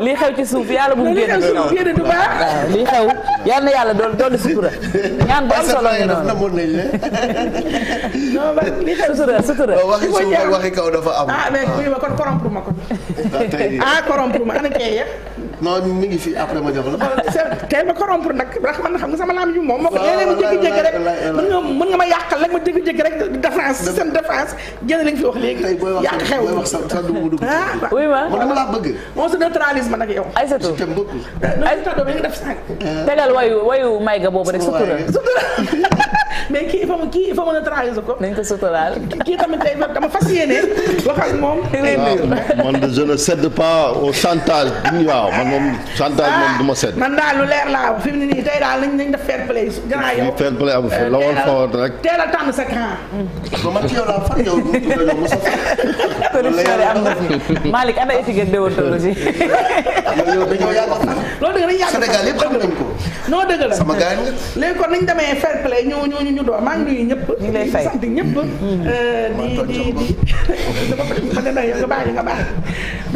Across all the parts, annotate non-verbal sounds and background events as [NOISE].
lii xew ci suuf yàlla bu mu génn ci kaw waaw lii yàlla dool dool sutura ñaan bu solo ñu noonu namoon nañ sutura sutura waxi kaw dafa am ah mais ah. ma kon corrompre ma ko ah, ah corrompre ma ana kee ya non mi ngi fi après ma jox la. tey ma corrompre nag ndax man xam nga sama laam yu moom. moo ko ah, léeg-léeg ma jékki-jékki rek mën nga mën nga ma yàqal rek ma jékki-jékki rek défense seen défense jënd lañ fi wax léegi. yàq xew booy wax sax du ma dugg. ah oui ma man dama laa bëgg. moom su neutralisme nag yow. Aïssatou Aïssatou doo nga def sànq. Eh. tegal wayu wayu may ga boobu rek sutura sutura. [LAUGHS] mais kii il faut kii il faut mën a trahir ko. nañ ko suturaal. kii tamit day dama fas yéene wax moom. [LAUGHS] Ah, man de je ne cède pas au chantage. waaw man moom moom du ma cède. Ah, man daal lu leer laa fi nii tey daal nañ nañ def fair la woon fawat rek. teel a tànn sa camp. ba man ci yow laa far yow du la yow mos a far. am na fi [LAUGHS] Malick ana étiquette déontologie. loolu yëpp dañoo yàgg. loolu noo dëgg la sama gaañ la léegi kon nañ demee fair play ñu ñu ñu ñu door maa ngi nuyu ñëpp ñu lay fay sant ñëpp mm. euh, di di di ma a nga baax nga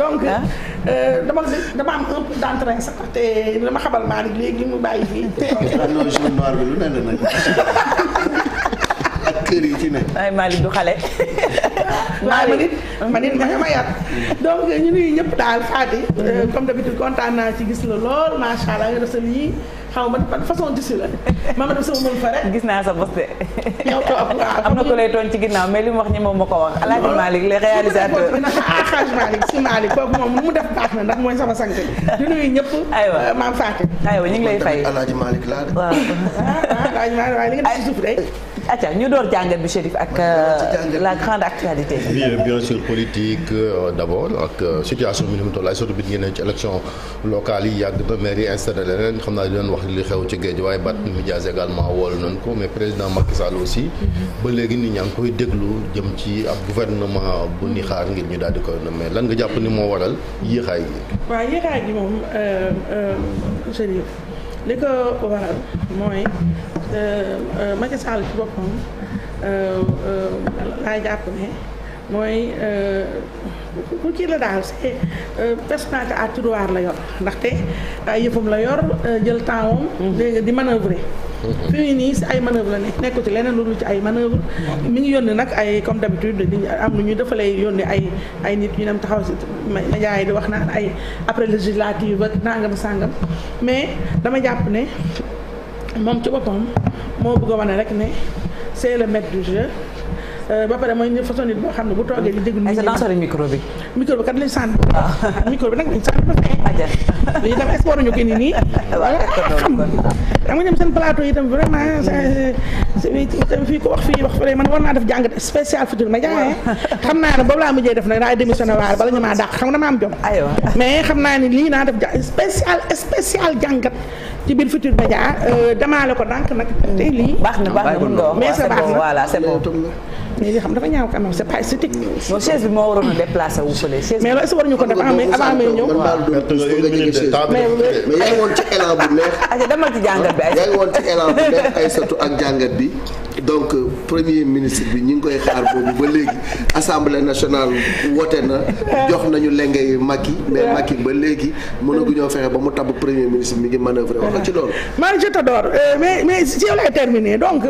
donc ah. euh, dama dama am un peu d'entrain sax te dama xabal maa ni léegi mu bàyyi fii [LAUGHS] ah non [LAUGHS] ci ne ay Malick du xale waaw man it man it ma nga ma euh, kontaan naa ci gis la lool macha allah nga def xaw ma ban façon tissu la maama dem sama gis naa sa bos de. yow am na ko lay toon ci ginnaaw mais mu wax ñi moom ma ko wax. alaaji Malick les réalisateurs. alaaji ah, Malick si Malick kooku moom lu mu def baax na ndax mooy sama sang di nuyu ñëpp. aywa euh, maam Fatou. aywa ñu ngi lay fay alaaji Malick laa de. waaw ah, ah, alaaji Malick waaye li nga def si suuf de. acca ñu door jàngat bi Chérif ak euh, la grande actualité. oui euh, bien sûr politique euh, d'abord ak situation bi ni mu toll ay surtout bi ngeen ne ci élection locale yi yàgg na maire yi installé xam naa di leen wax li xew ci géej waaye bat médias également woolu nañ ko mais président Macky saal aussi. Mm-hmm. ba léegi nit ñaa ngi koy déglu jëm ci ab gouvernement bu ni xaar ngir ñu daal di koy mais lan nga jàpp ni moo waral yéexaay yi. waaw yéexaay gi moom Euh, euh, Macky Sall ci boppam euh, laay jàpp ne mooy ku kii la daal c'est personnalité à la yor ndaxte ay yëfam la yor jël temps am mhm. di manœuvrer mhm. fi mu nii si ay manœuvre la nekk nekku ci leneen loolu ci ay manœuvre mi ngi yónni nag ay comme d'habitude di am lu ñu dafa lay yónni ay ay nit ñu dem taxaw si média yi di wax naan ay après législative ak nangam sàngam mais dama jàpp ne moom ci boppam moo bëgg a wane rek ne c'est le maître du jeu euh, ba pare mooy façon nit boo xam ne bu toogee di déglu. ay sa dansé micro bi. micro bi kat lañ sànni. Ah. micro bi nag lañ sànni ba tey. aja [LAUGHS] yi tam export ñu ko ni nii [LAUGHS] ah, xam nga ñoom seen plateau yi tam vraiment tam mm. fii ko wax fii wax fële man war naa def jàngat spécial futur ma xam naa ne boobu laa mujjee def nag daay démissionné waar bala ñu maa dàq xam nga dama am jom mais xam naa ni lii naa def spécial spécial jàngat ci biir futur média euh, damaa la ko ndànk nag tey lii na baax na mais sa baax na voilà c'est bon mais li xam dafa ñaaw quand même bi moo a déplacé wu yaa ngi woon ci élan bu neex. [LAUGHS] bi ay. sotu ak jàngat bi. donc euh, premier ministre bi ñu ngi koy xaar boobu ba léegi assemblée nationale woote na jox nañu lengay Macky mais Macky ba léegi mënaguñoo fexe ba mu tabb premier ministre mi ngi manœuvrer wax ci loolu. maa ngi jot a euh, mais mais si yow lay donc.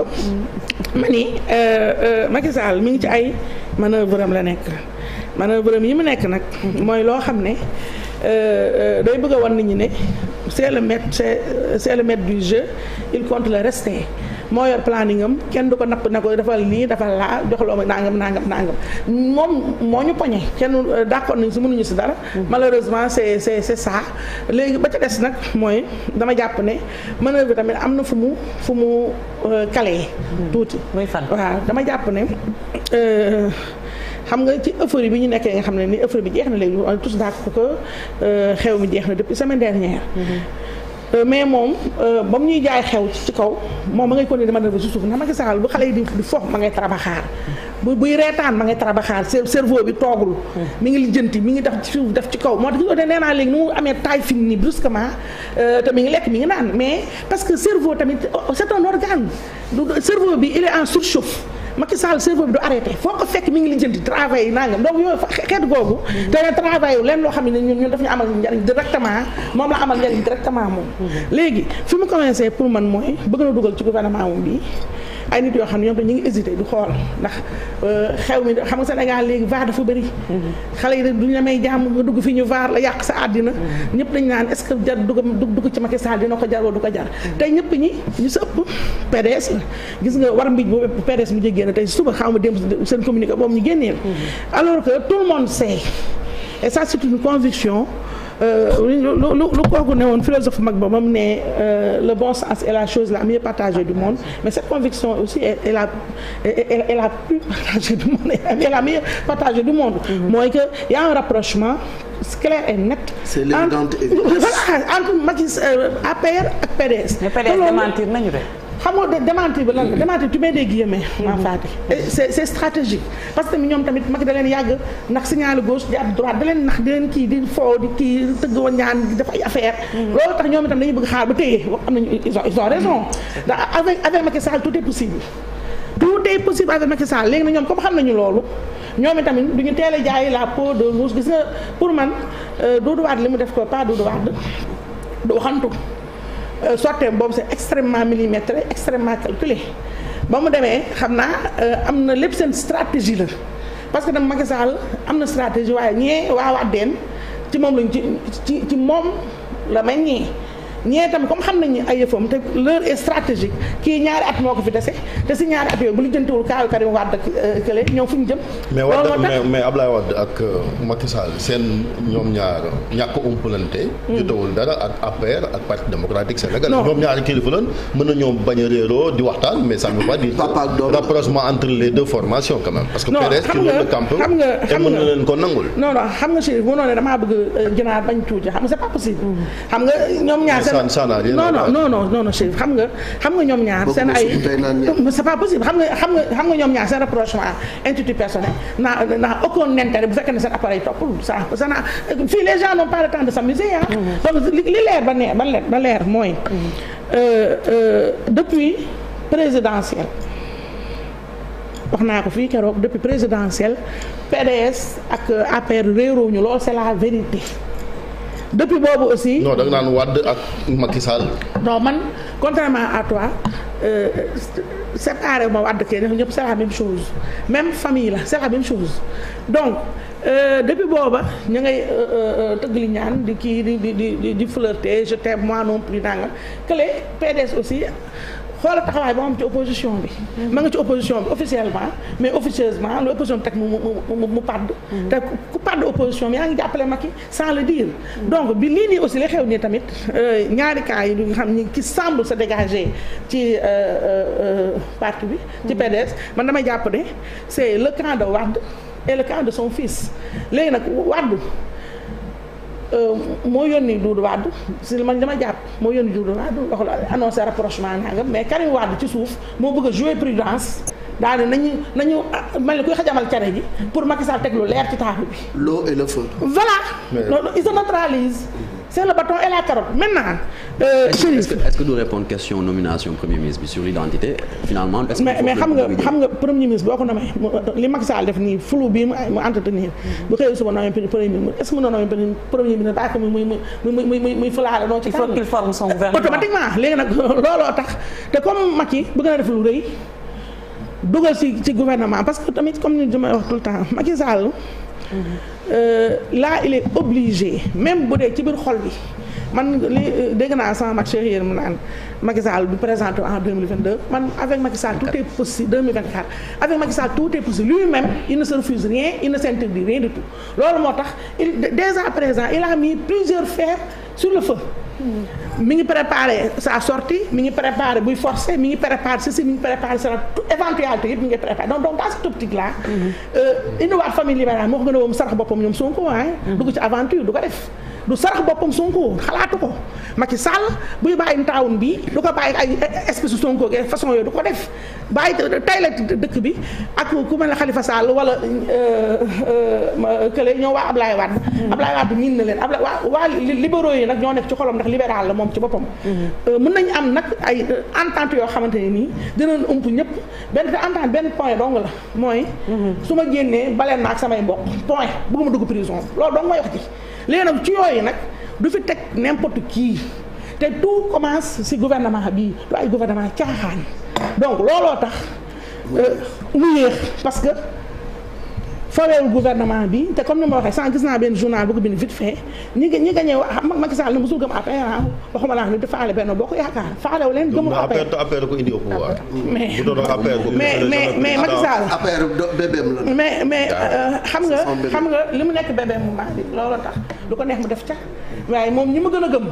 ma ni euh, euh, Macky mi ngi ci ay manœuvre am la nekk manœuvre am yi mu nekk nag mooy loo xam ne euh, day bëgg a wan nit ñi ne c'est le maître c'est du jeu il compte le reste moo yor planning am kenn du ko napp ne ko defal nii defal laa joxloo ma nangam nangam nangam moom moo ñu poñe kenn euh, d'accord nañ si mënuñu si dara mm-hmm. malheureusement c'est c'est c'est ça léegi ba ca des nag mooy dama jàpp ne manœuvre bi tamit am na fu mu fu mu euh, kale mm-hmm. tuuti waaw dama jàpp ne euh, xam nga ci euphorie bi ñu nekkee nga xam ne ni euphorie bi jeex na léegi on est tous d'accord que xew mi jeex na depuis semaine dernière mm-hmm. Euh, mais moom euh, ba mu ñuy jaay xew ci kaw moom ma ngay continuer di manœuvre ci suuf ndax Macky Sall bu xale yi di fox ma ngay trabaxaar bu buy reetaan ma ngay trabaxaar servo bi toogul mi ngi lijjanti mi ngi def ci suuf def ci kaw moo tax gisoo te nee naa léegi ni mu amee taille fine nii brusquement euh, te mi ngi lekk mi ngi mais parce que cerveau tamit c'est un organe cerveau bi il est suuf suuf Macky Sall serveur bi du arrêté foo ko fekk mi ngi lijjanti travail yi nangam donc yooyu xeet googu te ne travail yu loo xam ne ñun ñun daf ñu amal njariñ directement moom la amal njariñ directement moom mm-hmm. léegi fi mu commencé pour man mooy bëgg na dugal ci gouvernement moom bi ay nit yoo xam ne ñoom dañu ngi hésité du xool ndax euh, xew mi xam nga Sénégal léegi vaar dafa bëri mm-hmm. xale yi duñ la may jàmm nga dugg fi ñu vaar la yàq sa àddina mm-hmm. ñëpp dañ naan est-ce que jar dugg dugg ci Macky Sall dina ko jar woo du ko jar mm-hmm. tey ñëpp ñi ñu sa ëpp PDS la gis nga war mbij boobu PDS mu jéggéen tey suba xaw ma démb seen communiqué boobu ñu génneel alors que tout le monde sait et ça c'est une conviction Euh, lu lu kooku ne woon philosophe mag ba moom ne euh, le bon sens est la chose la mieux partagée du monde mais cette conviction aussi est la la plus [LAUGHS] partagée du monde est la mieux partagée du monde. Mhm. mooy que y a un rapprochement. clair et net. c'est l'évidente évidence entre Macky APR euh, ak PDS. te loolu mais PDS démentir nañu de. xam de démenti bi lan la démenti tu mets des guillemets en mm-hmm. fait c'est c'est stratégique parce ñoom tamit mag da leen yàgg ndax signal gauche di ab droite da leen nax di leen kii di foo di kii tëgg wa ñaan di def affaire mm-hmm. loolu tax ñoom itam dañuy bëgg xaar ba téye am nañu ils ont raison mm-hmm. ndax avec avec Macky Sall tout est possible tout est possible avec Macky léegi na ñoom comme xam nañu loolu ñoom itamit du ñu teel a jaay la peau de mouche gis nga pour man euh, Doudou Wade li mu def ko pas Doudou Wade du waxantu Euh, sorteem boobu c'est extrêmement millimétré extrêmement calculé ba mu demee xam naa euh, am na lépp seen stratégie la parce que nag am na stratégie waaye ñee waa Wàddeen ci moom lañ ci ci ci moom la may ñee ñee tamit comme xam nañu ay yëfam te l'heure est kii ñaari at moo ko fi dese te si ñaari at yooyu bu ñu jëntewul kaayu Karim Wade euh, kële ñoom ñaari kilifa lañ mën na ñoom bañ a réeroo di waxtaan mais ça ne veut pas dire rapprochement entre les deux formations quand parce que PDS ci loolu la campé xam nga xam nga xam nga si mënoo ne damaa bëgg euh, ginaar bañ tuuti xam nga c'est pas possible. Hmm. xam nga ñoom ñaar seen ça n'a rien non non non non non Chérif xam nga xam nga ñoom ñaar seen ay c'est pas possible xam nga xam nga xam nga ñoom ñaar seen rapprochement intitut personnel naa naa aucun intérêt bu fekkee ne seen appareil toppul ça ça na fii les gens n'ont pas le temps de s'amuser ah donc li leer ba nee ba leer ba leer mooy mm-hmm. euh, euh, depuis présidentielle wax naa ko fii keroog depuis présidentielle PDS ak euh, APR réeroo ñu loolu c'est la vérité depuis boobu aussi. non da nga naan Wade ak Macky Sall. non man contrairement à toi euh, séparé ma Wade kee ñëpp c'est la même chose même famille la c'est la même chose donc euh, depuis booba ñu ngay euh, tëgg li ñaan di kii di di di di flirter je t'aime moi non plus nanga kële PDS aussi. xoola taxawaay ba mu am ci opposition bi ma nga ci opposition bi officiellement mais officieusement lu opposition bi teg mu mu mu padd te ku padd opposition bi yaa ngi jàppale Macky sans le dire donc bi lii nii aussi li xew nii tamit euh, ñaari cas yi nga xam ni ki semble se dégager ci euh, euh, parti bi ci PDS man damay jàpp ne c'est le camp de Wade et le camp de son fils léegi nag Wade Euh, moo yónni Doudou Wade si man dama jàpp moo yónni Doudou Wade wax la annoncé rapprochement nangam mais Karim Wade ci suuf moo bëgg a jouer prudence daal di nañu nañu ah, mel ni kuy xajamal cere ji pour Macky Sall teg lu leer ci taaxu bi. l'eau et le feu. voilà. seen le bâton la carotte maintenant. Euh, Chérif est-ce que est-ce que du répondre question mais xam nga xam nga premier ministre boo ko namee li Macky Sall def nii flou bii mu entretenir. Mm-hmm. bu xëyee suba namee premier ministre est ko muy muy fulaale noo ci. il faut son gouvernement automatiquement léegi nag looloo tax te comme Macky bëgg na def lu rëy dugal ci ci gouvernement parce que tamit comme ni ma wax tout le temps Macky Sall. Mm-hmm. Euh, là il est obligé même bu dee ci biir xol bi man li euh, dégg naa sama mag chéri mu naan Macky Sall du présenté en 2022 man avec Macky Sall tout est possible 2024 avec Macky Sall tout est possible lui-même il ne se refuse rien il ne s'interdit rien du tout loolu moo tax il dès à présent il a mis plusieurs fers sur le feu. mi ngi préparé sa sortie mi ngi préparé buy forcé mi ngi préparé ceci mi ngi préparé sa éventualité yëpp mi ngi préparé donc donc dans cette optique là. Innowaat mhm. euh, famille libérale moo ko gën a woo mu sarax boppam ñoom Sonko ah. dugg ci aventure du ko def. du sarax boppam Sonko xalaatu ko Macky Sall buy bàyyi taawun bi du ko bàyyi ay espèce Sonko ak façon yooyu du ko def bàyyi tay la dëkk bi ak ku mel ne Khalifa Sall wala euh, euh, kële ñoo waa Ablaye Wade Ablaye Wade miin na leen Ablaye waa waa libéraux yi nag ñoo nekk ci xolom ndax libéral la moom ci boppam mm-hmm. euh, mën nañu am nag ay entente yoo xamante ne nii dinañ ump ñëpp benn te entente benn point dong la mooy mm-hmm. su ma génnee baleen naa ak samay mbokk point bëgguma dugg léegi nag ci yooyu nag du fi teg n'importe kii te tout commence si gouvernement bii du ay gouvernement caaxaan donc looloo tax euh, mu yéex parce que fawee gouvernement bi te comme ni ma waxee sànq gis naa benn journal bu ko bind vite fait ñi nga ñi gañee ah, Macky Sall na mosul gëm APR ah waxuma laa ni dafa faale benn boo ko yaakaar faale wu leen gëmul APR APR ko indi au pouvoir mais mais mais mais euh, xam nga xam nga li mu nekk bébéem mu maa bi loolu tax lu ko neex mu def ca waaye moom ñi ma gën a gëm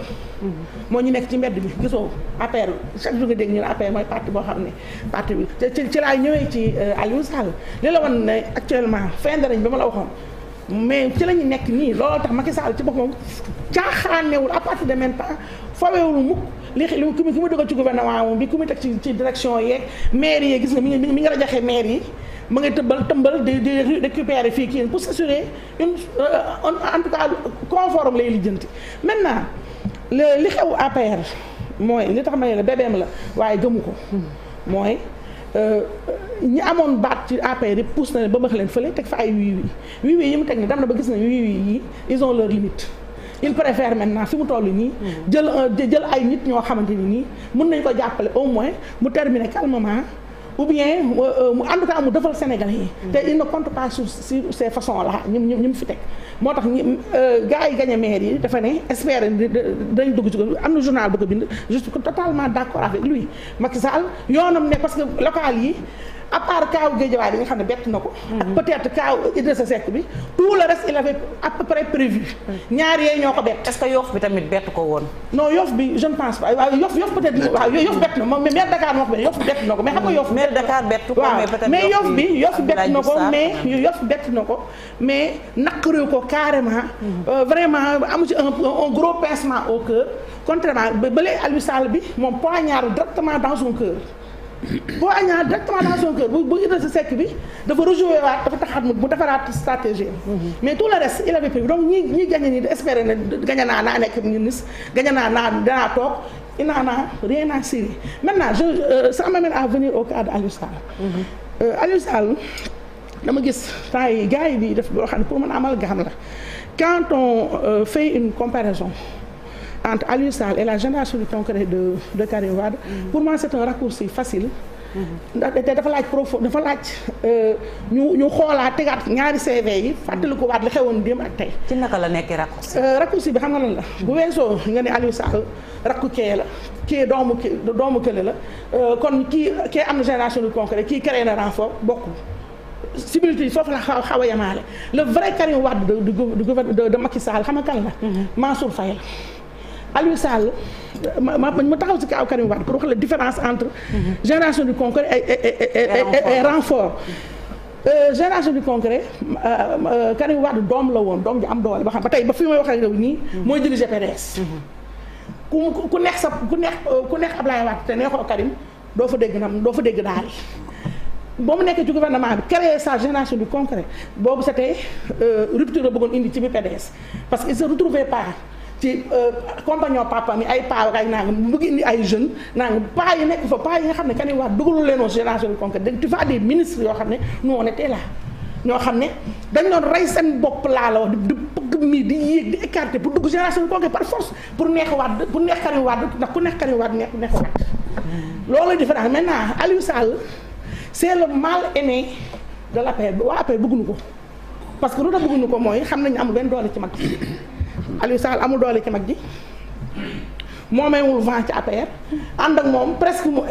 moo ñu nekk ci mbedd bi gisoo APR chaque jour nga dégg ñu ne mooy parti boo xam ne parti bi ci ci laa ñëwee ci euh, Aliou Sall li la wan ne actuellement fin de bi ma la waxoon mais ci la ñu nekk nii looloo tax Macky Sall ci boppam caaxaanewul à partir de maintenant fawewul mukk li ku mu ku mu dugal ci gouvernement moom bi maire yi gis nga mi ngi mi ngi rajaxe maire yi ma ngi tëmbal tëmbal di di récupérer fii kii pour s'assurer une euh, en tout cas conforme lay lijjanti maintenant li xew APR mooy li tax ma ne la bébéem la waaye gëmu ko mooy euh, ñi amoon baat ci APR yi pousse na leen ba max leen fële teg fa ay wii wii wii yi mu teg ne dem na ba gis na wii wii yi ils ont leur limite il préfère maintenant si mu tollu nii. jël jël ay nit ñoo xamante ni nii mën nañ ko jàppale au moins mu terminer calmement ou bien euh, mu en tout cas mu defal Sénégalais yi. te il ne compte pas sur ces façons là ñu ñu ñu fi teg. moo tax ñu euh, gars yi gagné maire yi dafa ne espère dañ dugg ci ko am na journal bu ko bind je suis totalement d' accord avec lui Macky Sall yoonam ne parce que local yi. à part kaaw Guédiawaye bi nga ne bett na ko ak mhm. peut-être kaaw Idrissa Seck bi tout le reste il à peu près prévu mhm. ñaar yooyu ñoo ko bett est que Yoff bi tamit bett ko woon non Yoff bi je ne pense pas waaw Yoff Yoff peut ko bett Yoff bett na ko mais xam nga Yoff maire Dakar bett ko mais bi Yoff bett na ko mais Yoff bett na ko mais naqaru ko carrément mhm. euh, vraiment amu ci un gros pincement au cœur contrairement bële Aliou bi moom poignard directement dans son cœur boo añaa directement dans son cœur bu bu Idrissa Seck bi dafa rejoué waat dafa taxaat mu defaraat stratégie mhm. mais tout le reste il avait prévu donc ñi ñi gagné ni espérer ne gagné naa naa nekk ministre gagné naa naa danaa toog il n'en a rien naa cirer maintenant je euh, a m'amène à venir au cas de mhm. euh, Aliou Sall Aliou dama gis temps yi gars yi bi def loo xam ne pour mën amal gam la quand on euh, fait une comparaison entre Aliou Sall et la génération du concret de de Karim Wade. Mm-hmm. pour moi c'est un raccourci facile. Mm-hmm. dafa laaj profond dafa laaj euh, ñu ñu xoolaat tegaat ñaari CV yi mm-hmm. fàttali ko waat li xewoon démb ak tey. ci naka la nekkee raccourci. Euh, raccourci bi xam nga lan la. bu weesoo nga ne Aliou Sall rakku kee la kee doomu kee doomu kële la euh, kon kii kee am na génération du concret kii créé na renfort bokkul. similitude yi foofu la xaw xaw a yemaale le vrai Karim Wade du du du de xam nga kan la. Aliou Sall ma ma ma taxaw si kaw Karim Wade pour wax différence entre. Mhm. génération du concret et et renfort. Euh, génération du concret Karim Wade doom la woon doom ji am doole ba xam ba tey ba fi may wax ak nii. Mhm. mooy diriger PDS. Mhm. ku ku neex sa ku neex ku neex Ablaye Wade te neexoo Karim doo fa dégg nam doo fa dégg daal ba mu nekkee ci gouvernement bi créer sa génération du concret boobu c'était euh, rupture la bëggoon indi ci bi PDS parce que il se retrouvait pas. ci euh, compagnon papa mi ay paa naa nangam mu ngi indi ay jeunes nangam paa yi nekk fa paa yi nga xam ne Kani waa dugalu leen woon génération bi concret tu vois des ministres yoo xam ne nous on était ñoo xam ne dañ doon rey seen bopp laa la wax di pëgg mii di yéeg di écarté pour dugg génération bi concret par force pour neex waat pour neex Karim Wade ndax ku neex Karim Wade neex neex waat loolu différence maintenant Aliou Sall c'est le mal aimé de bëgguñu ko parce que lu tax ko mooy xam nañu amul benn doole ci mag Aliou Sall amul doole ci mag ji moo maywul vent ci APR ànd ak moom presque mu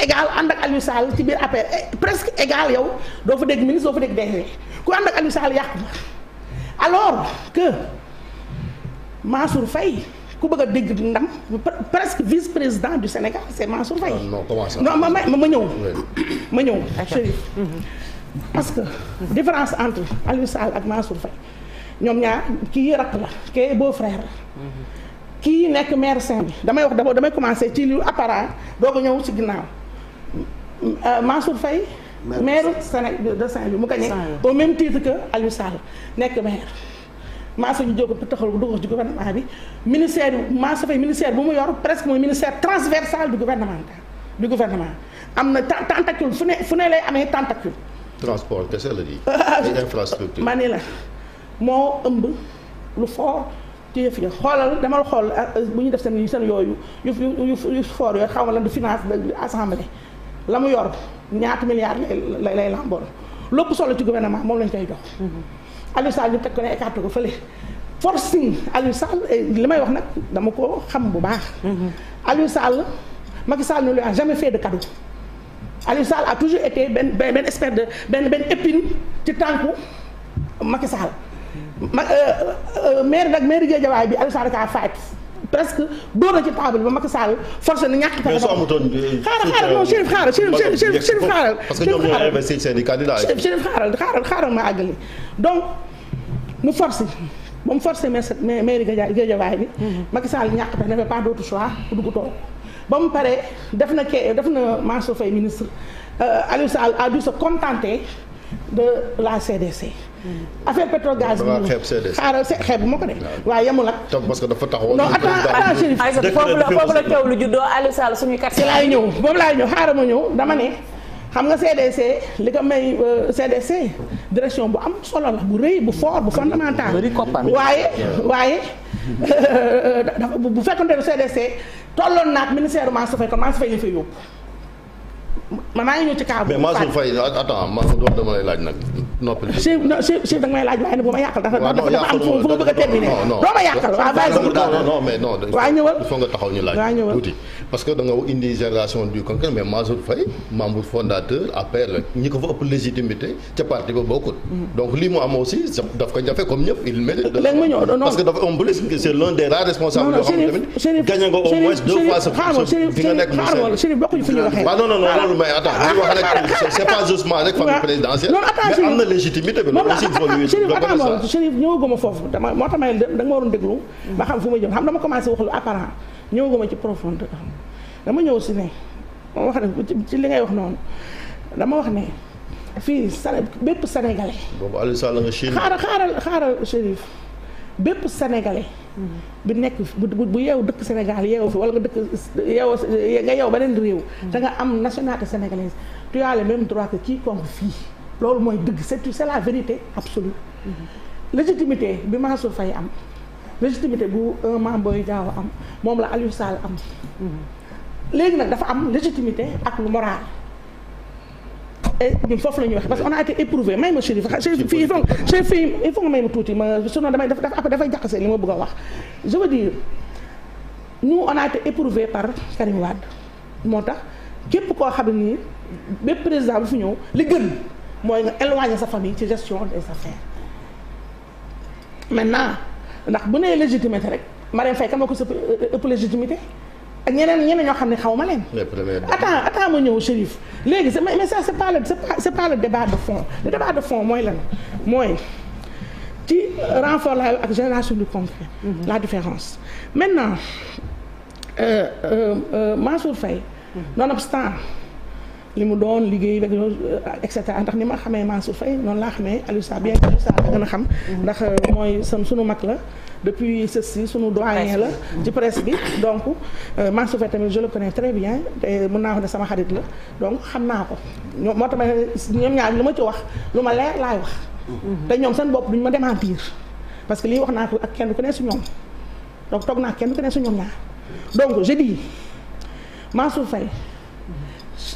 égal ànd ak Aliou Sall ci biir APR presque égal yow doo fa dégg ministre doo fa dégg DG ku ànd ak Aliou Sall yàqu ma alors que Mansour Faye ku bëgg a dégg ndam presque vice président du Sénégal c' est Mansour Faye. Ah, non ma ma ma ñëw. ma ñëw Chérif mm-hmm. que différence entre Aliou Sall ak Mansour Faye. ñoom ñaar kii rakk la kii beau frère la kii nekk maire saint bi damay wax d'abord damay commencer ci lu apparent doo ko ñëw ci ginnaaw euh, Mansour Faye maire Sénégal de Saint-Louis mu gagné au même titre que Aliou Sall nekk maire Mansour ñu jóg taxal bu dugg ci gouvernement bi ministère bi Mansour Faye ministère bu mu yor presque mooy ministère transversal du gouvernement du gouvernement am na tentacule fu ne fu ne lay amee tentacule transport kese la di. [LAUGHS] infrastructure ma ne la moo ëmb lu fort ci yëf yi xoolal demal xool ah, ah, bu ñu def seen seen yooyu yu yu fort yooyu xaw ma lan du finance de assemblée la mu yor ñaata milliards lay lay lambool lépp solo ci gouvernement moom lañ koy jox. Mm-hmm. Aliou Sall ñu teg ko ne écarté ko fële. forcing Aliou Sall eh, li may wax nag dama ko xam bu baax. Mm-hmm. Aliou Sall Macky Sall ne lui a jamais fait de cadeau. Aliou Sall a toujours été benn benn espèce de benn benn épine ci tànku Macky Sall. ma euh, euh, euh, maire nag maire Guédiawaye bi Aliou Sall kaa faaj presque dóor na ci table ba Macky Sall forcé na ñàkk. mais soo amutoon xaaral xaaral non Chérif xaaral Chérif i candidats yi. ma àggali donc mu forcé ba mu forcé maire maire Guédiawaye bi. Mhm. Macky Sall ñàkk pas d'autre choix ku dugg toog ba mu paree def na kee def na Mansour Faye ministre Aliou Sall a dû se contenter de la CDC. Mm. affaire pétrole gaz bi. waaw xaaral xeeb bu ma ko def. waaw yemul ak. toog parce que dafa taxawoon. non attends attends Chérif. foofu la foofu la coow lu juddoo Aliou suñu kat. ci laay ñëw boobu laay ñëw xaaral ma ñëw dama ne. xam nga CDC li ko may CDC euh, direction bu am solo la bu rëy bu fort bu fondamental. waaye waaye. [LAUGHS] dafa bu fekkonte ne CDC tolloon naat ministère Mansour Faye kon Mansour Faye ñu fay yóbbu. maa ngi ñëw ci kaabu. mais Mansour Faye attends Mansour dama lay laaj nag. noppal chef chef da nga may laaj waaye ne bu ma yàqal dafa dafa am fu ma bëgg a terminé doo ma yàqal waaw bàyyi sa non mais non waaw ñëwal il faut nga taxaw ñu laaj tuuti parce que da nga indi génération du concret mais Mansour Faye membre fondateur APR la ñi ko fa ëpp légitimité ca parti ba bokkul mm-hmm. donc lii mu am aussi daf ko jafe comme ñëpp il mérite de léegi ma ñëw parce que dafa am plus c'est l'un des rares responsables yoo xam ne tamit gagné nga au moins deux fois sa fi nga nekk waaw non non non loolu mais attends wax rek c'est pas justement rek famille présidentielle na légitimité bi. moom la xanaa moom Chérif ñëwaguma foofu dama moo tax ma da nga ma waroon déglu. ba xam fu ma jëm xam dama commencé wax lu apparent ñëwaguma ci profondeur dama ñëw si ne ma wax ne ci li ngay wax noonu dama wax ne fii sa bépp sénégalais. boobu Aliou Sall nga Chine xaaral xaaral xaaral Chérif bépp sénégalais. Mm-hmm. bi nekk bu bu yeewu dëkk Sénégal yeewu fi wala nga dëkk yeewoo nga yeewu beneen réew. Mm-hmm. da am nationalité sénégalaise tu as droit que quiconque loolu mooy dëgg c'est c'est la vérité absolue mm-hmm. légitimité bi Mansour Faye am légitimité bu un membre jaaw am moom la Aliou Sall am mm-hmm. léegi nag dafa am légitimité ak lu moral et ñun foofu la ñuy wax parce que on a été éprouvé may ma chérif fii il faut chérif fii il faut nga may ma tuuti ma sinon damay daf après dafay jaxase li ma bëgg a wax je veux dire nous on a été éprouvé par Karim Wade moo tax képp koo xam nii bépp président bu fi ñëw li gën mooy nga éloigner sa famille ci gestion des affaires maintenant ndax bu nee légitimité rek ma Marème Faye kama ko sa ëpp légitimité ak ñeneen ñeneen ñoo xam ne xaw ma leen. attends attends ma ñëw Chérif léegi mais ça c'est pas le c'est pas le débat de fond le débat de fond mooy lan mooy ci renfort la ak génération du concret mm-hmm. la différence maintenant euh, euh, euh, Mansour Faye mm-hmm. nonobstant li mu doon liggéey rek et cetera ndax ni ma xamee Mansour Faye noonu laa xamee Aliou Sarr bien que Aliou Sarr da gën a xam. ndax euh, mooy sam sunu mag la. depuis ceci sunu doyen la. ci bi donc euh, Mansour Faye tamit je le connais très bien te naa wax ne sama xarit la donc xam naa ko ñoom moo tamit ñoom ñaar lu ma ci wax lu ma leer laay wax. Mhm. te ñoom seen bopp duñ ma démentir parce que lii wax naa ko ak kenn ku ne su ñoom donc toog naa kenn ku ne su ñoom ñaar donc je dis Mansour Faye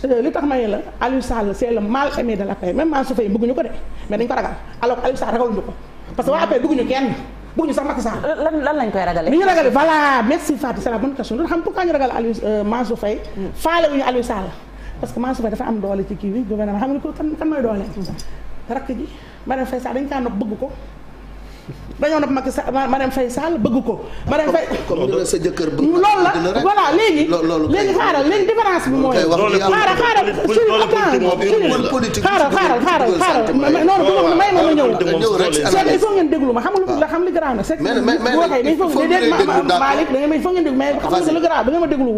Euh, li tax ma la Aliou Sall c'est le mal aimé de l'APR même Mansour Faye bëgguñu ko de mais dañu ko ragal alors Aliou Sall ragaluñu ko parce que waa APR bëgguñu kenn bëgguñu sax Macky Sall. Euh, lan lañ koy ragalee. ni ñu ragalee voilà merci Fatou c'est la bonne question loolu xam pourquoi ñu ragal Aliou euh, Mansour Faye. Mm. faale wuñu Aliou Sall parce que Mansour Faye dafa am doole ci kii bi gouvernement xam nga ko kan kan mooy doole. Mm. rakk ji Marième Faye Sall dañu kaa nopp bëgg ko. dañoo nag Macky Sall Marème Faye Sall bëgg ko. Marème Faye loolu la voilà léegi. léegi xaaral léegi différence bi mooy. loolu xaaral xaaral politique xaaral xaaral xaaral xaaral noonu may ma ma ñëw. c'est il ngeen déglu ma xam nga la xam li garaaw na. mais mais mais mais il faut ngeen déglu daal Malick da ngeen may il faut déglu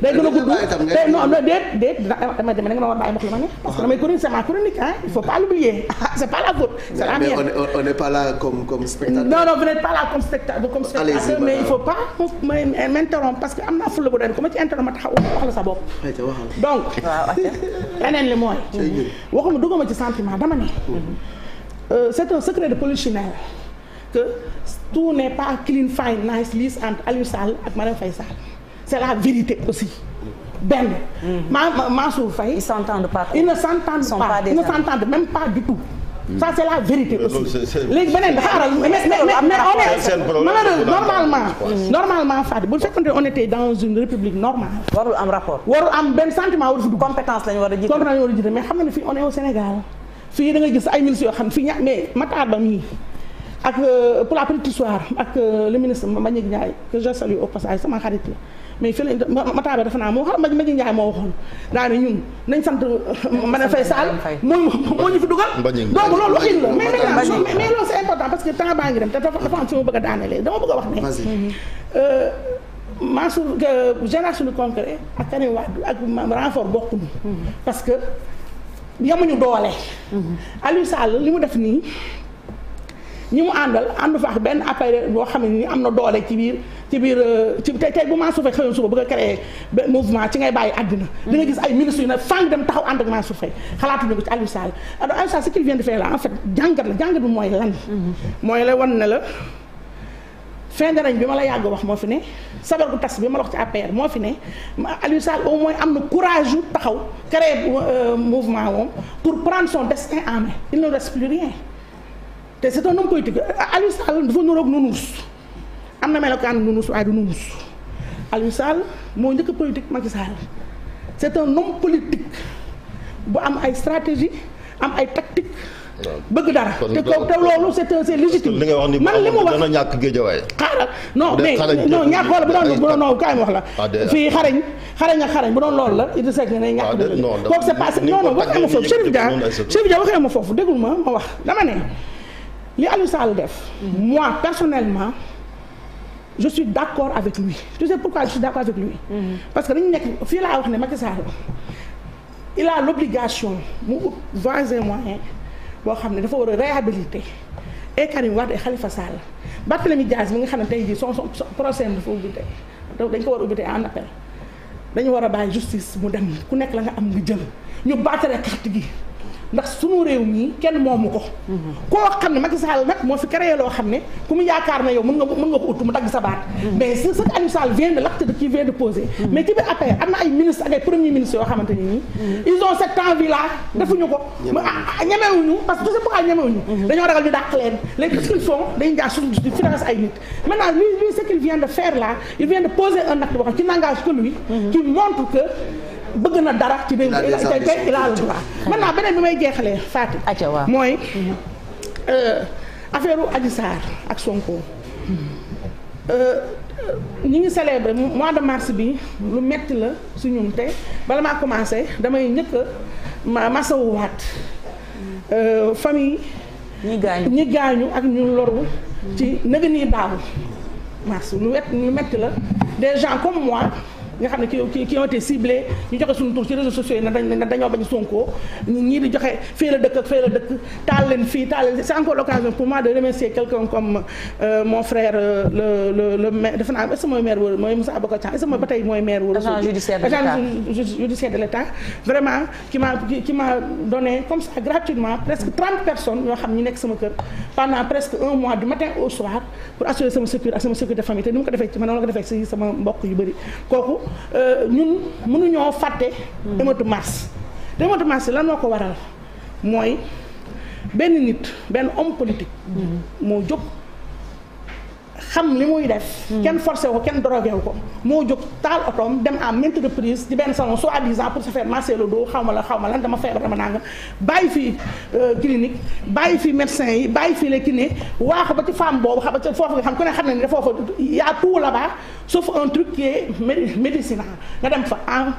mais day gën a gudd day non non déet déet dama dem nga ma war a bàyyi ma ko ma ne parce que damay chronique c'est il faut pas l'oublier c'est pas comme spectateur. non non vous n'êtes pas là comme spectateur comme spectateur mais il faut pas may m'interrompre parce que am naa fulla bu doon ku ma ci interrompre taxaw wax la sa bopp. donc. [LAUGHS] leneen li mooy. waxuma dugguma ci sentiment dama ne. Euh, c'est un secret de polichinelle que tout n'est pas clean fine nice lisse entre Aliou Sall ak madame Faye Sall c'est la vérité aussi. benn. Mm. ma Mansour Faye. ils s'entendent a ils ne s'entendent pas ils ne du tout. ça c' est la vérité euh, aussi léegi beneen bi xaaral mais mais on est malheureusement bu fekkoon ne on était dans une république normale warul am rapport warul am benn sentiment warul fi dugg compétence lañu war a jiite compétence lañu war a jiite mais xam nga ne fii on est Sénégal fii da gis ay ministres yoo xam ne fii Ba mii ak euh, pour la petite ak euh, le ministre Mbagnick Ndiaye que je salue au passage sama xarit la mais fii lañ mataaba dafa naa moo xam ma Maguette moo waxoon daa ñun nañ sant Mbagnick Faye Sall moo moo ñu fi dugal donc loolu waxin mais loolu c'est important parce que temps baa ngi dem te dafa am fi ma bëgg a daanelee dama bëgg wax ne euh, Mansour génération concret ak Karim Wade ak renfort bokkuñu mhm. parce que yamuñu doole mhm. Aliou Sall li mu def nii ñi mu àndal àndu fa ak benn appareil boo xam ne ni am na doole ci biir ci biir euh, ci tey tey bu Mansour Faye xëyoon suba bëgg a créer mouvement ci ngay bàyyi àddina li mm. nga gis ay ministres yu ne fang dem taxaw ànd ak Mansour Faye xalaatuñu ko ci Aliou Sall alors Aliou Sall ce qu'il vient jàngat la jàngat bi mooy lan mm-hmm. mooy la wan ne la fin de règne bi ma la yàgg wax moo fi ne sabar gu tas bi ma la wax ci APR moo fi ne Aliou Sall au moins am na courage yu taxaw créer euh, mouvement moom pour prendre son destin en main il ne te c'est un homme politique Aliou Sall dafa nuroog nunuus am na melokaan nunuus waaye du nunuus Aliou Sall moo njëkk politique Macky Sall c'est un homme politique bu am ay stratégie am ay tactique bëgg dara te ko te loolu c'est c'est légitime. ni man li mu wax dana ñàkk géejawaay. xaaral non mais non ñàkk bu doon noonu kaay ma wax la. Ah, fii xarañ xarañ ak xarañ bu doon loolu la Idrissa Seck ne ne ñàkk ah, dëgg la. non non non waxee ma foofu Chérif Dia waxee ma foofu déglu ma ma wax dama ne. li Aliou Sall def. moi personnellement je suis d' accord avec lui tu sais d' mm-hmm. parce que dañu nekk fii laa wax ne Macky Sall il a l' obligation mu ut voies et moyens boo xam ne dafa war a réhabiliter et Karim xalifa et Khalifa Sall Barthélémy Dias mi nga xam ne tay jii son son procès dafa ubbi tey dañ ko war a ubbi tey en appel dañu war a bàyyi justice mu dem ku nekk la nga am nga jël ñu baatare carte gi. ndax sunu réew mii kenn moomu ko. koo xam ne Macky Sall nag moo fi créé loo xam ne ku mu yaakaar na yow mën nga mën nga ko ut mu dagg sa baat. mais ce que Aliou Sall de l'acte de qui vient de poser. mais ci biir affaire am na ay ministres ak ay premiers yoo xamante ne nii. ils ont cette envie là. defuñu ko ñemewuñu ah, ah, parce que tout ce pourquoi ñemewuñu. Mm-hmm. dañoo ragal ñu dàq leen léegi qu'est-ce qu'ils dañuy jaar suñu di ay nit. maintenant lui lui ce qu'il vient bëgg na dara ci biir il a le droit maintenant beneen bi may jeexalee Fatick mooy mm-hmm. euh, affaire u ak Sonko euh, euh, ñu ngi célébrer mois de mars bi lu metti la su ñun te bala maa commencé damay nëkk ma masawuwaat famille ñi gaañu gaañu ak ñu loru ci nëgë nii mars lu metti la des gens comme moi ñi xam ne qui qui ont été ciblés ñu joxe suñu tur ci réseaux sociaux yi na dañoo bañ Sonko ñii di joxe fii la dëkk ak fii la dëkk taal leen fii taal leen c'est encore l'occasion pour moi de remercier quelqu'un comme euh, mon frère euh, le le le maire defe naa nekk sama kër pendant presque un mois du matin au soir pour assurer sama sécurité ak sama sécurité de famille te ni mu ko defee ci man noonu la ko defee ci sama mbokk yu bëri kooku Euh, ñun mënuñoo fàtte. émeute mars te émeute mars lan moo ko waral mooy benn nit benn homme politique. Mm-hmm. moo jóg. xam li muy def. Hmm. kenn forcé wu ko kenn drogué wu ko moo jóg taal otoom dem à maintes reprises ci benn salon soi-disant pour se faire masser le dos xaw la xaw ma lan dama feebar dama nangam bàyyi fii euh, clinique bàyyi fii médecin yi bàyyi fii les kinés waax ba ci femme boobu xam nga foofu nga xam ne foofu y a tout sauf un truc qui est nga dem fa en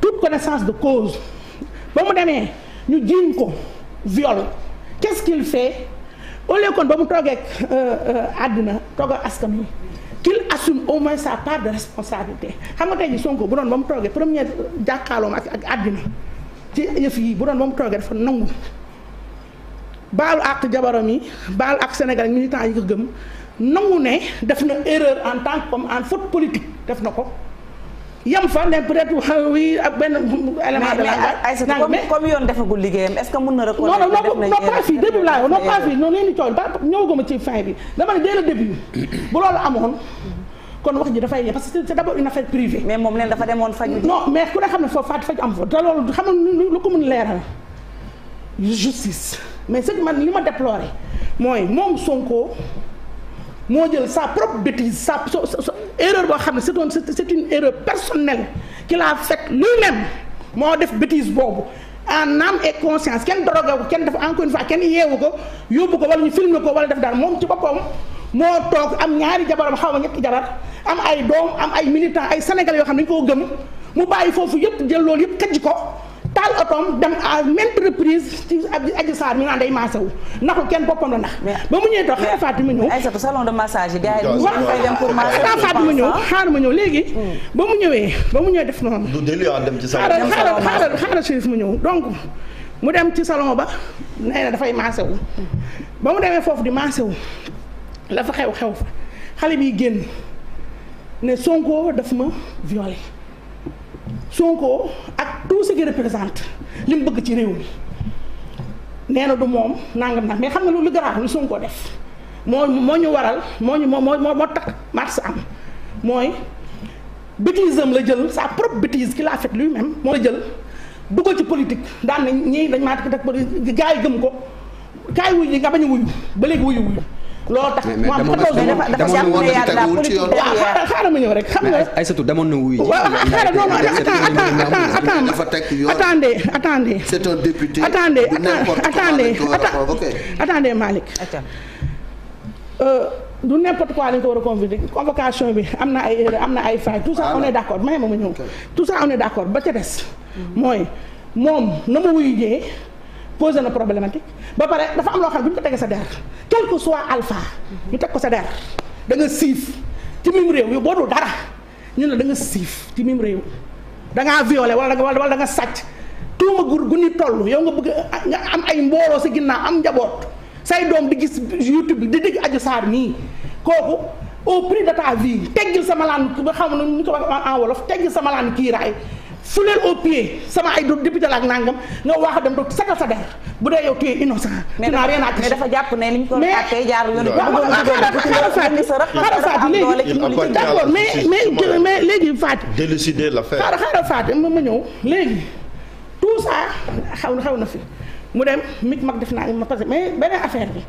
toute connaissance de cause ba mu demee ñu jiiñ ko viol qu'est-ce qu'il fait. au lieu kon ba mu toogee àdduna euh, euh, àddina ak askan wi qu'il assume au moins sa part de responsabilité xam nga tey ji Sonko bu doon ba mu toogee première jàkkaarloom ak ak àdduna ci yëf yi bu doon ba mu toogee dafa nangu baalu ak jabaram yi baalu ak Sénégal militants yi ko gëm nangu ne def na erreur en tant comme en faute politique def na ko yam fa ne peut être xaw yi ak benn élément de langage. mais mais comme yoon defagul liggéeyam est ce que mën na reconnaître. non non noonu yéen coow ba ñëwaguma ci fin bi dama ne dès le bu loolu amoon. kon wax ji dafay parce que c'est d'abord une affaire privée. mais moom leen dafa demoon faj. non mais ku ne xam ne foofu faat faj am fa te loolu xam nga lu ko mën leeral justice mais ce que li ma déploré mooy moom Sonko. moo jël sa propre bêtise sa erreur boo xam ne c'est un c'est une erreur personnelle qu'il a faite lui-même moo def bêtise boobu en âme et conscience kenn drogué ko kenn dafa encore une fois kenn yeewu ko yóbbu ko wala ñu filmé ko wala def daal moom ci boppam moo toog am ñaari jabaram xaw ma ñetti jabar am ay doom am ay militants ay sénégalais yoo xam ne dañu koo gëm mu bàyyi foofu yëpp jël loolu yëpp këj ko. taal otoom dem à maintes reprises ci Adji Sarr mi naa day maasawu naxu kenn boppam la ndax. ba mu ñëwee toog xëy Fatou mu ñëw. Aïssatou salon de massage yi gars yi ñu fay mu ñëw xaar ma ñëw léegi. Hmm. ba mu ñëwee ba mu ñëwee def noonu. du délire ah, dem ci salon xaaral xaaral xaaral Chérif mu ñëw donc mu dem ci salon ba nee na dafay maasawu hmm. ba mu demee foofu di maasawu la fa xew xew fa xale bi génn ne Sonko daf ma violé Sonko. tout ce qui représente bëgg ci réew mi nee na du moom nangam nag mais xam nga lu garaaw lu koo def moo moo ñu waral moo ñu moo moo moo tax mars am mooy bêtise la jël sa propre bêtise qu'il a fait lui-même moo la jël dugal ci politique daan nañ ñii dañ maa dëkk dëkk gars yi gëm ko kaay wuyu nga bañ a wuyu ba léegi wuyu wuyu. loolu tax mu am 14 jours dafa dafa jàpp ne yàlla politique waaw ah, xaaral ma ñëw rek xam nga Aïssatou demoon na wuy xaaral non non attends attendez attendez c'est un député attendez attendez attendez Malick euh, du n'importe quoi lañ ko war a convocation bi am na ay am na ay failles tout a ah, on est d'accord may ma ma ñëw tout ça on d'accord ba ca des mm-hmm. mooy moom na ma wuyu jee posé na problématique ba pare dafa am loo xam ne bu ñu ko tegee sa der quel que soit alpha ñu teg ko sa der da nga siif ci mim réew yow boo dara ñu ne da nga siif ci mim réew da ngaa violé wala da wala da nga sàcc tuuma gur gu ni toll yow nga bëgg nga am ay mbooloo si ginnaaw am njaboot say doom di gis YouTube di dégg aju saar nii kooku au prix de ta vie teggil sa malaan ba xam ne ñu ko wax en wolof teggil sa malaan kiiraay su leen au pied sama ay doom député la ak nangam nga wax dem doog sagal sa der bu dee yow tu es innocent. tu mais dafa jàpp ne liñ ko àttee jaarul yoon. d'accord mais mais mais léegi Fatou. délucider l'affaire xaaral xaaral Fatou ma ñëw léegi tout ça xaw na xaw na fi mu dem mit mag def naa ma parce que mais beneen affaire bi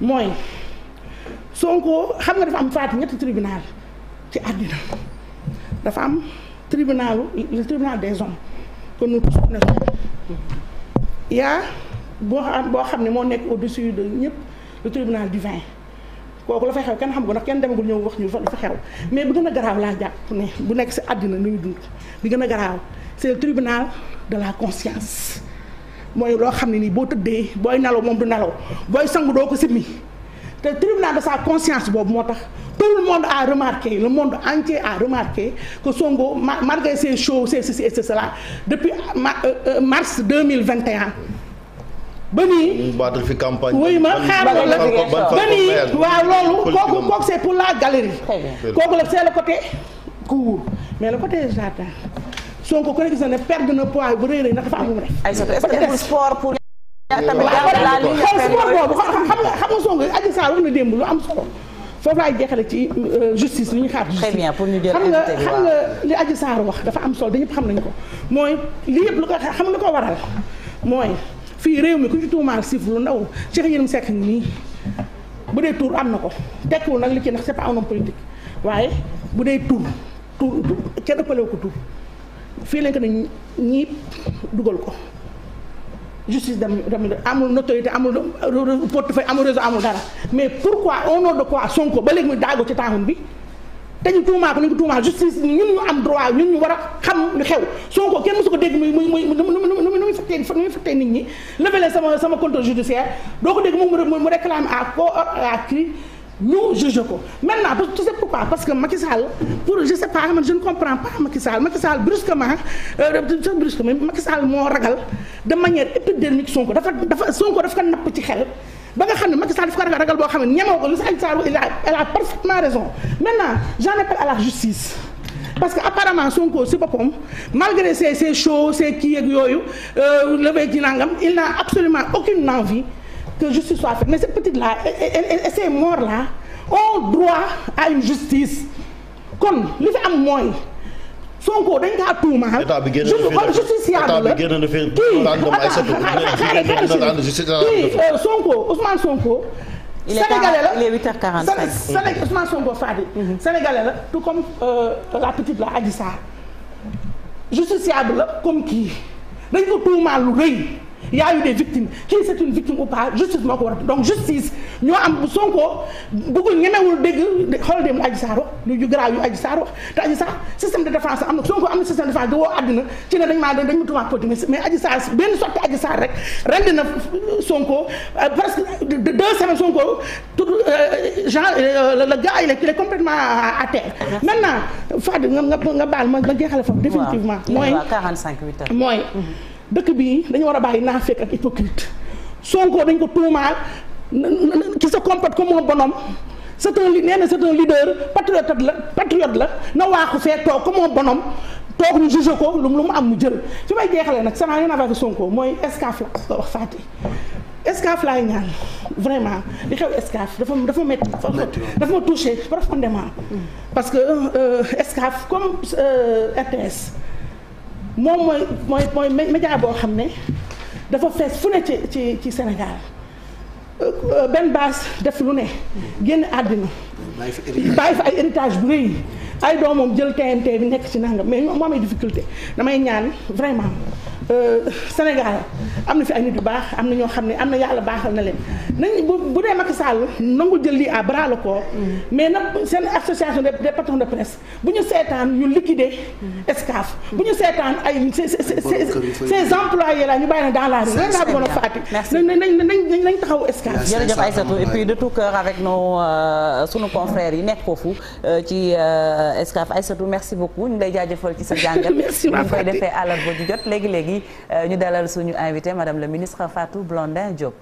mooy Sonko xam nga dafa am Fatou ñetti tribunal ci àddina dafa am. tribunal lu tribunal des hommes que nous tous connaissons yaa boo xam boo xam ne moo nekk au-dessus de ñëpp le tribunal du vin kooku la fay xew kenn xam ko ndax kenn demagul ñëw wax ñu fa fa xew mais bu gën a garaaw laa jàpp ne bu nekk si àddina nu ñu dund bi gën a garaaw c'est le tribunal de la conscience mooy loo xam ne nii boo tëddee booy nelaw moom du nelaw booy sangu doo ko simmi te tribunal de sa conscience boobu moo tax Tout le monde a remarqué, le monde entier a remarqué que Sonko, malgré ces choses, ces ceci et cela, depuis euh, euh, mars 2021, ba nii baatal fi campagne. wuy ma xaaral la ba nii waaw loolu kooku kooku c'est pour la galerie. kooku la c'est le côté cour mais le côté jardin Sonko ko gis ne perdre na poids bu rëy rëy naka fa amul rek. ay est-ce que pour sport pour. la xam nga Sonko Adji Sarr wax na démb lu am solo. foofu laay jeexale ci euh, justice li ñu xaar justice. très bien pour xam nga xam nga li Adji Sarr wax dafa am solo ñëpp xam nañu ko mooy lii yëpp lu ko xam nga lu ko waral mooy fii réew mi ku ci tuumaal siif lu ndaw Cheikh Yérim Seck nii bu dee tur am na ko tekkiwul nag li ci ndax c'est pas un homme politique waaye bu dee tur tur kenn ëppalewu ko tur fii lañ ko ne ñii dugal ko. justice dem amul notoriété amul portefeuille amul mais pourquoi au nom de quoi Sonko ba léegi muy daago ci taaxum bi te ñu tuumaa ko ñu tuumaa justice ñun ñu am droit ñun ñu war a xam lu xew Sonko kenn mësu ko dégg muy muy muy nu mu nu mu fattee nu mu nit ñi levelee sama sama compte judiciaire doo ko dégg mu mu réclame à co à cri nous juge ko maintenant parce que tu parce que Macky Sall pour je sais pas man je ne comprends pas Macky Sall brusquement sa euh, brusquement Macky Sall moo ragal de manière épidermique Sonko dafa dafa Sonko dafa ko napp ci xel ba nga xam ne Macky Sall dafa ko ragal boo xam ne ñemewu ko Aïssata Tall Sall elle a parfaitement raison maintenant j'en appelle à la justice parce que apparemment Sonko si boppam malgré ces ces choses ces kii yeeg yooyu euh, levée ci nangam il n'a absolument aucune que justice cette petite là et, et, et ces droit à une justice kon li fi am mooy Sonko dañ kaa tuumaal. état kii Sonko Ousmane Sonko. il la mm-hmm. Ousmane Sonko mm-hmm. la petite euh, la Adji Sarr justiciable la kii dañ ko tuumaal lu y a eu des victimes qui c'est une victime ou pas justice moo ko war donc justice ñoo am bu Sonko bëggul ñemewul dégg xool dem lu Adji Sarr wax lu ju garaaw yu Adji Sarr wax te Adji Sarr système de défense am na Sonko am na système de défense di woo àddina ci ne dañ maa dañ ma tuumaat politique mais Adji Sarr benn sotti Adji Sarr rek rend na Sonko euh, presque deux semaines Sonko tout genre euh, euh, le gars il est il est complètement à terre maintenant Fadi nga nga baal ma dëkk bii dañu war a bàyyi naafeq ak hypocrite Sonko dañ ko tuumaal ci sa comporte comme un bonhomme c'est un li nee na c'est un leader patriote la patriote la na waaxu fee toog comme un bonhomme toog ñu jugé ko lu mu am mu jël fi may jeexalee nag sama yenn affaire Sonko mooy escaf la ko wax Fatick escaf laay ñaan vraiment li xew escaf dafa dafa métti dafa ma touché profondément mm. parce que euh, euh, escaf comme euh, RTS moom mooy mooy mooy média boo xam ne dafa fees fu ne ci ci ci Sénégal euh, euh, benn baas def lu ne génn àddina bàyyi fa ay héritage bu rëy ay doomam jël TNT bi nekk ci nangam mais moom ay difficulté damay ñaan vraiment Euh, Sénégal am na fi ay nit yu baax am na ñoo xam ne am na yàlla baaxal na leen nañ bu bu dee Macky Sall nangu jël lii à bras le corps mm. mais nag seen association des patrons de presse bu ñu seetaan ñu liquider mm. Excaf bu ñu seetaan ay ces employés là ñu bàyyi na dans la rue loolu laa bëggoon a faati nañ nañ nañ taxaw Excaf jërëjëf Aïssatou et puis de tout cœur avec nos euh, sunu confrères yi nekk foofu euh, ci Excaf Aïssatou merci beaucoup ñu lay jaajëfal ci sa jàngat ñu [LAUGHS] koy defee àllarba ju jot léegi léegi Euh, ñu dalal suñu invité madame la ministre Fatou Blondin Diop.